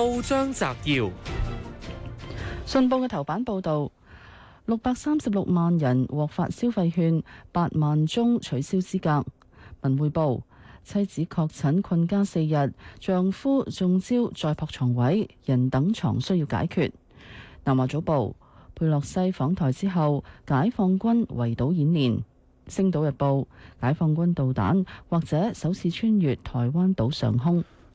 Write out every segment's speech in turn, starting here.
報章摘要：信報嘅頭版報道，六百三十六萬人獲發消費券，八萬宗取消資格。文匯報：妻子確診困家四日，丈夫中招再撲床位，人等床需要解決。南華早報：佩洛西訪台之後，解放軍圍島演練。星島日報：解放軍導彈或者首次穿越台灣島上空。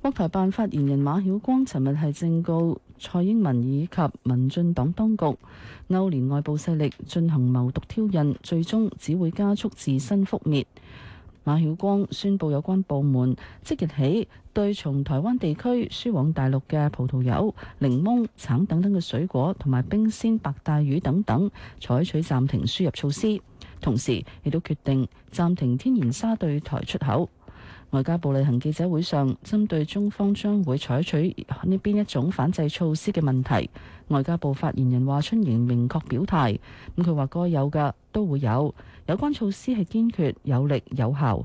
國台辦發言人馬曉光尋日係正告蔡英文以及民進黨當局，勾連外部勢力進行謀獨挑釁，最終只會加速自身覆滅。馬曉光宣布有關部門即日起對從台灣地區輸往大陸嘅葡萄柚、檸檬、橙等等嘅水果，同埋冰鮮白帶魚等等，採取暫停輸入措施，同時亦都決定暫停天然砂對台出口。外交部例行記者會上，針對中方將會採取呢邊一種反制措施嘅問題，外交部發言人華春瑩明確表態，咁佢話該有嘅都會有，有關措施係堅決、有力、有效，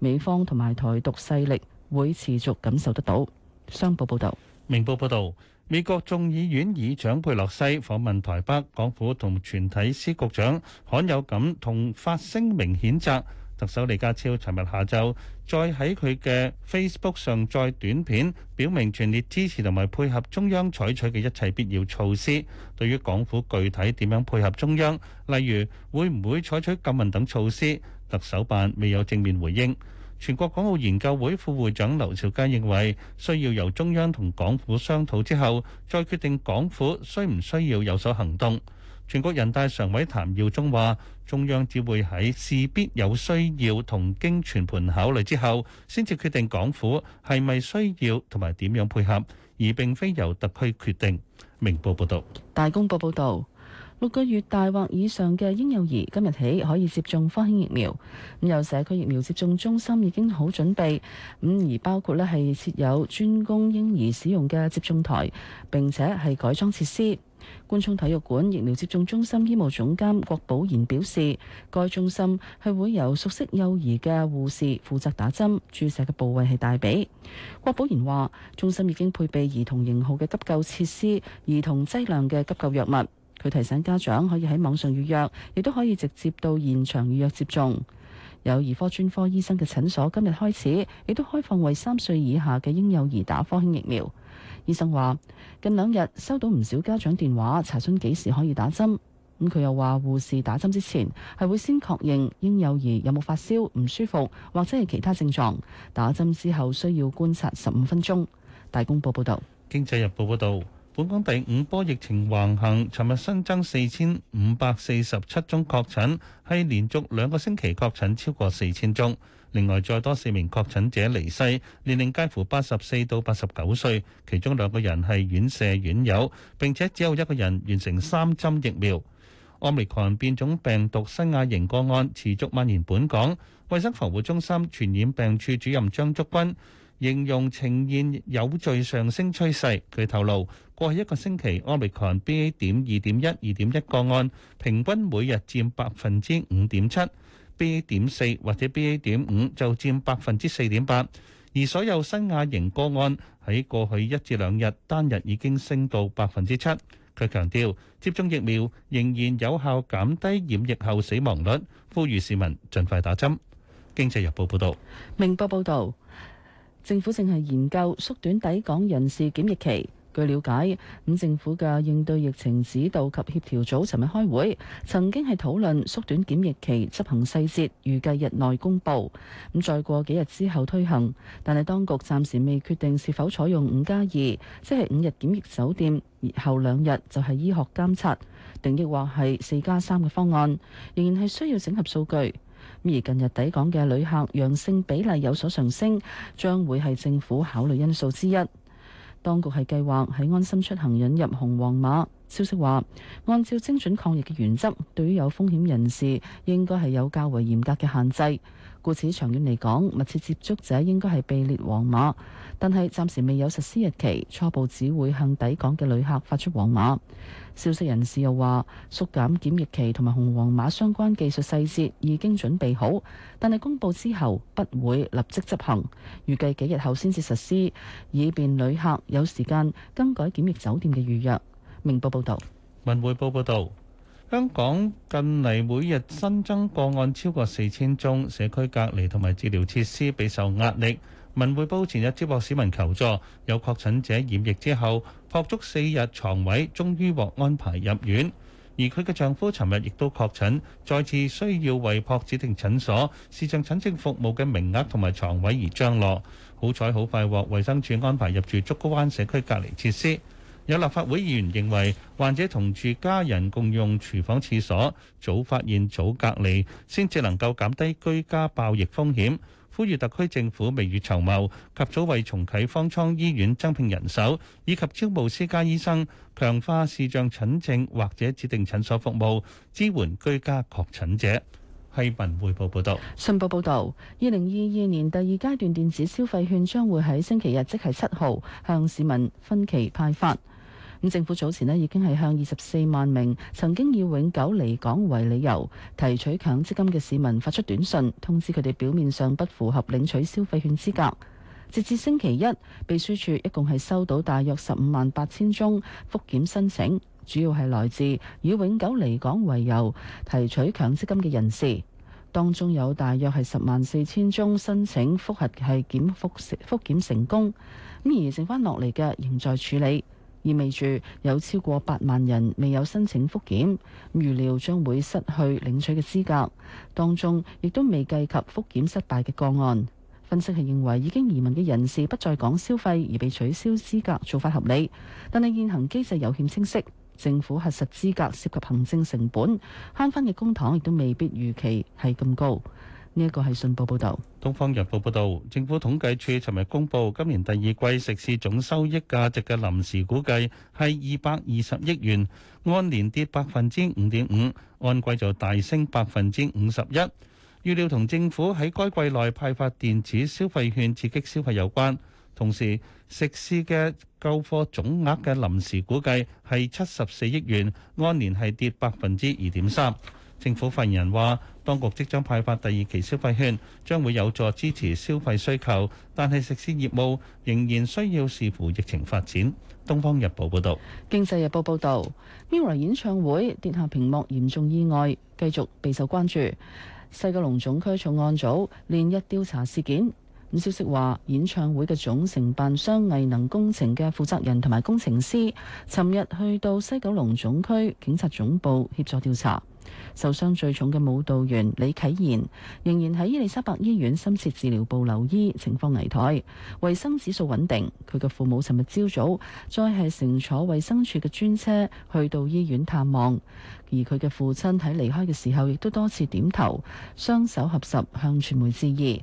美方同埋台獨勢力會持續感受得到。商報報道，明報報道，美國眾議院議長佩洛西訪問台北，港府同全體司局長罕有咁同發聲明譴責。特首李家超尋日下晝再喺佢嘅 Facebook 上載短片，表明全力支持同埋配合中央採取嘅一切必要措施。對於港府具體點樣配合中央，例如會唔會採取禁運等措施，特首辦未有正面回應。全國港澳研究會副會長劉兆佳認為，需要由中央同港府商討之後，再決定港府需唔需要有所行動。全國人大常委譚耀宗話：中央只會喺事必有需要同經全盤考慮之後，先至決定港府係咪需要同埋點樣配合，而並非由特區決定。明報報道：「大公報報道，六個月大或以上嘅嬰幼兒今日起可以接種科興疫苗。咁由社區疫苗接種中心已經好準備。咁而包括呢係設有專供嬰兒使用嘅接種台，並且係改裝設施。官涌體育館疫苗接種中心醫務總監郭寶賢表示，該中心係會由熟悉幼兒嘅護士負責打針，注射嘅部位係大髀。郭寶賢話，中心已經配備兒童型號嘅急救設施、兒童劑量嘅急救藥物。佢提醒家長可以喺網上預約，亦都可以直接到現場預約接種。有兒科專科醫生嘅診所今日開始，亦都開放為三歲以下嘅嬰幼兒打科興疫苗。醫生話：近兩日收到唔少家長電話查詢幾時可以打針。咁、嗯、佢又話，護士打針之前係會先確認嬰幼兒有冇發燒、唔舒服或者係其他症狀。打針之後需要觀察十五分鐘。大公報報道。《經濟日報》報道。本港第五波疫情橫行，尋日新增四千五百四十七宗確診，係連續兩個星期確診超過四千宗。另外，再多四名確診者離世，年齡介乎八十四到八十九歲，其中兩個人係院舍院友，並且只有一個人完成三針疫苗。奧密克戎變種病毒新亞型個案持續蔓延本港，衛生防護中心傳染病處主任張竹君，形容呈現有續上升趨勢。佢透露，過去一個星期，OmicronB A 點二點一、二點一個案，平均每日佔百分之五點七；B A 點四或者 B A 點五就佔百分之四點八。而所有新亞型個案喺過去一至兩日單日已經升到百分之七。佢強調，接種疫苗仍然有效，減低染疫後死亡率，呼籲市民盡快打針。經濟日報報道，明報報道。政府正係研究縮短抵港人士檢疫期。據了解，咁政府嘅應對疫情指導及協調組尋日開會，曾經係討論縮短檢疫期執行細節，預計日內公佈。咁再過幾日之後推行，但係當局暫時未決定是否採用五加二，2，即係五日檢疫酒店，而後兩日就係醫學監察，定抑或係四加三嘅方案，仍然係需要整合數據。而近日抵港嘅旅客陽性比例有所上升，將會係政府考慮因素之一。當局係計劃喺安心出行引入紅黃碼。消息話，按照精準抗疫嘅原則，對於有風險人士，應該係有較為嚴格嘅限制。故此，長遠嚟講，密切接觸者應該係被列黃碼，但係暫時未有實施日期，初步只會向抵港嘅旅客發出黃碼。消息人士又話，縮減檢疫期同埋紅黃碼相關技術細節已經準備好，但係公佈之後不會立即執行，預計幾日後先至實施，以便旅客有時間更改檢疫酒店嘅預約。明報報道。文匯報報道。香港近嚟每日新增個案超過四千宗，社區隔離同埋治療設施備受壓力。文匯報前日接獲市民求助，有確診者染疫之後，撲足四日床位，終於獲安排入院。而佢嘅丈夫尋日亦都確診，再次需要為撲指定診所、視像診症服務嘅名額同埋床位而張羅，好彩好快獲衛生署安排入住竹篙灣社區隔離設施。有立法會議員認為，患者同住家人共用廚房、廁所，早發現、早隔離，先至能夠減低居家爆疫風險。呼籲特區政府未雨綢繆，及早為重啟方艙醫院增聘人手，以及招募私家醫生，強化視像診症或者指定診所服務，支援居家確診者。係文匯報報導。信報報道，二零二二年第二階段電子消費券將會喺星期日，即係七號，向市民分期派發。咁政府早前咧，已經係向二十四萬名曾經以永久離港為理由提取強積金嘅市民發出短信通知，佢哋表面上不符合領取消費券資格。截至星期一，秘書處一共係收到大約十五萬八千宗復檢申請，主要係來自以永久離港為由提取強積金嘅人士，當中有大約係十萬四千宗申請複核係檢復復檢成功，咁而剩翻落嚟嘅仍在處理。意味住有超過八萬人未有申請復檢，預料將會失去領取嘅資格。當中亦都未計及復檢失敗嘅個案。分析係認為，已經移民嘅人士不在港消費而被取消資格，做法合理。但係現行機制有欠清晰，政府核實資格涉及行政成本，慳返嘅公帑亦都未必預期係咁高。呢一個係信報報道，《東方日報》報道，政府統計處尋日公佈今年第二季食肆總收益價值嘅臨時估計係二百二十億元，按年跌百分之五點五，按季就大升百分之五十一。預料同政府喺該季內派發電子消費券刺激消費有關。同時，食肆嘅購貨總額嘅臨時估計係七十四億元，按年係跌百分之二點三。政府發言人話，當局即將派發第二期消費券，將會有助支持消費需求。但係，食肆業務仍然需要視乎疫情發展。《東方日報》報導，《經濟日報》報導，Mirror 演唱會跌下屏幕嚴重意外，繼續備受關注。西九龍總區重案組連日調查事件。五消息話，演唱會嘅總承辦商藝能工程嘅負責人同埋工程師，尋日去到西九龍總區警察總部協助調查。受傷最重嘅舞蹈員李啟賢仍然喺伊利沙伯醫院深切治療部留醫，情況危殆。衛生指數穩定，佢嘅父母尋日朝早再係乘坐衛生署嘅專車去到醫院探望，而佢嘅父親喺離開嘅時候亦都多次點頭，雙手合十向傳媒致意。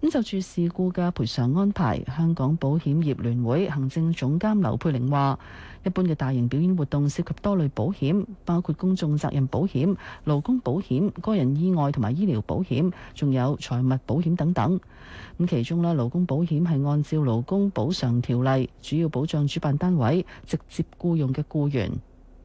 咁就住事故嘅賠償安排，香港保險業聯會行政總監劉佩玲話，一般嘅大型表演活動涉及多類保險，包括公眾責任保險、勞工保險、個人意外同埋醫療保險，仲有財物保險等等。咁其中呢，勞工保險係按照勞工補償條例，主要保障主辦單位直接雇用嘅僱員，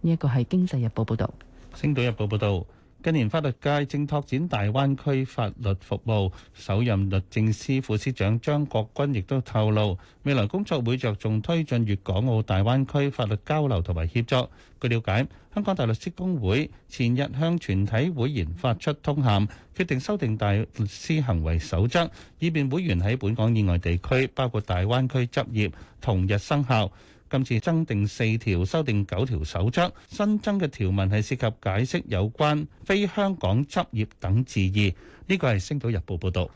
呢一個係經濟日報報道。星島日報報導。近年法律界正拓展大灣區法律服務，首任律政司副司長張國軍亦都透露，未來工作會着重推進粵港澳大灣區法律交流同埋協作。據了解，香港大律師公會前日向全體會員發出通函，決定修訂大律師行為守則，以便會員喺本港以外地區，包括大灣區執業，同日生效。今次增定四條，修訂九條守則，新增嘅條文係涉及解釋有關非香港執業等字義。呢個係《星島日報》報道。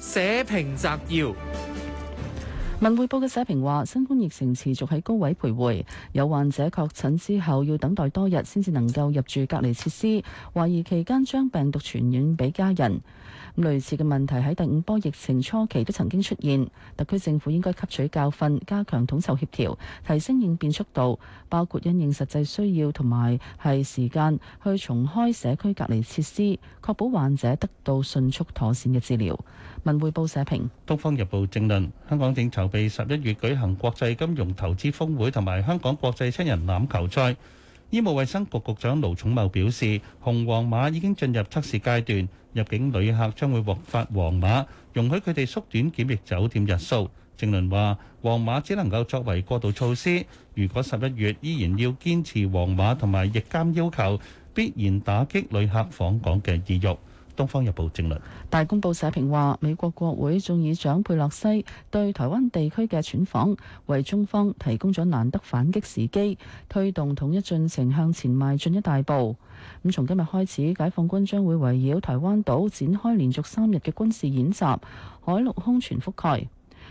社評摘要。文匯報嘅社評話：新冠疫情持續喺高位徘徊，有患者確診之後要等待多日先至能夠入住隔離設施，懷疑期間將病毒傳染俾家人。類似嘅問題喺第五波疫情初期都曾經出現，特區政府應該吸取教訓，加強統籌協調，提升應變速度，包括因應實際需要同埋係時間去重開社區隔離設施，確保患者得到迅速妥善嘅治療。文匯報社評，《東方日報》政論，《香港政策》。被十一月舉行國際金融投資峯會同埋香港國際七人欖球賽，醫務衛生局局長盧寵茂表示，紅黃碼已經進入測試階段，入境旅客將會獲發黃碼，容許佢哋縮短檢疫酒店日數。鄭淪話，黃碼只能夠作為過渡措施，如果十一月依然要堅持黃碼同埋疫監要求，必然打擊旅客訪港嘅意欲。《東方日報》政論，大公報社評話，美國國會眾議長佩洛西對台灣地區嘅竄訪，為中方提供咗難得反擊時機，推動統一進程向前邁進一大步。咁從今日開始，解放軍將會圍繞台灣島展開連續三日嘅軍事演習，海陸空全覆蓋。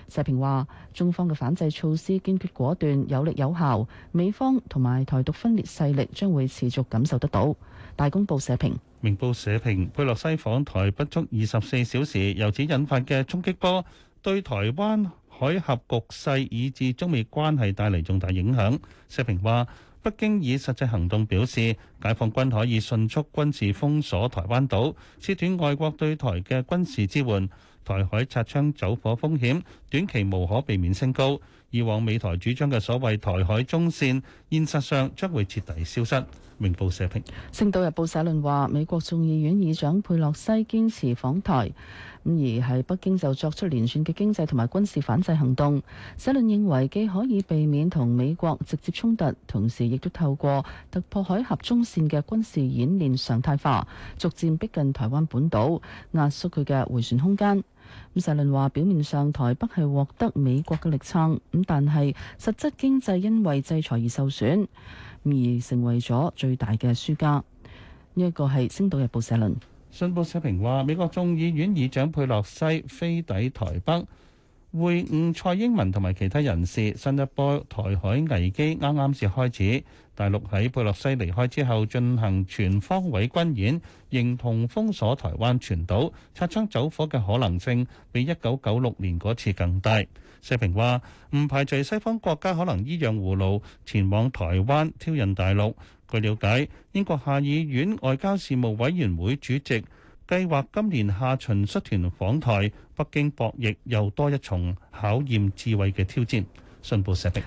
社評話：中方嘅反制措施堅決果斷、有力有效，美方同埋台獨分裂勢力將會持續感受得到。大公報社評、明報社評。佩洛西訪台不足二十四小時，由此引發嘅衝擊波對台灣海峽局勢以至中美關係帶嚟重大影響。社評話：北京以實際行動表示，解放軍可以迅速軍事封鎖台灣島，切斷外國對台嘅軍事支援，台海擦槍走火風險。短期無可避免升高。以往美台主張嘅所謂台海中線，現實上將會徹底消失。明報社評。星島日報社論話，美國眾議院議長佩洛西堅持訪台，咁而喺北京就作出連串嘅經濟同埋軍事反制行動。社論認為既可以避免同美國直接衝突，同時亦都透過突破海峽中線嘅軍事演練常態化，逐漸逼近台灣本島，壓縮佢嘅回旋空間。咁社論話，表面上台北係獲得美國嘅力撐，咁但係實質經濟因為制裁而受損，而成為咗最大嘅輸家。呢一個係《星島日報》社論。信報社評話，美國眾議院議長佩洛西飛抵台北。會晤蔡英文同埋其他人士，新一波台海危機啱啱至開始。大陸喺佩洛西離開之後進行全方位軍演，認同封鎖台灣全島，擦槍走火嘅可能性比一九九六年嗰次更大。社評話：唔排除西方國家可能依樣葫蘆，前往台灣挑釁大陸。據了解，英國下議院外交事務委員會主席。計劃今年下旬率團訪台，北京博弈又多一重考驗智慧嘅挑戰。信報社評。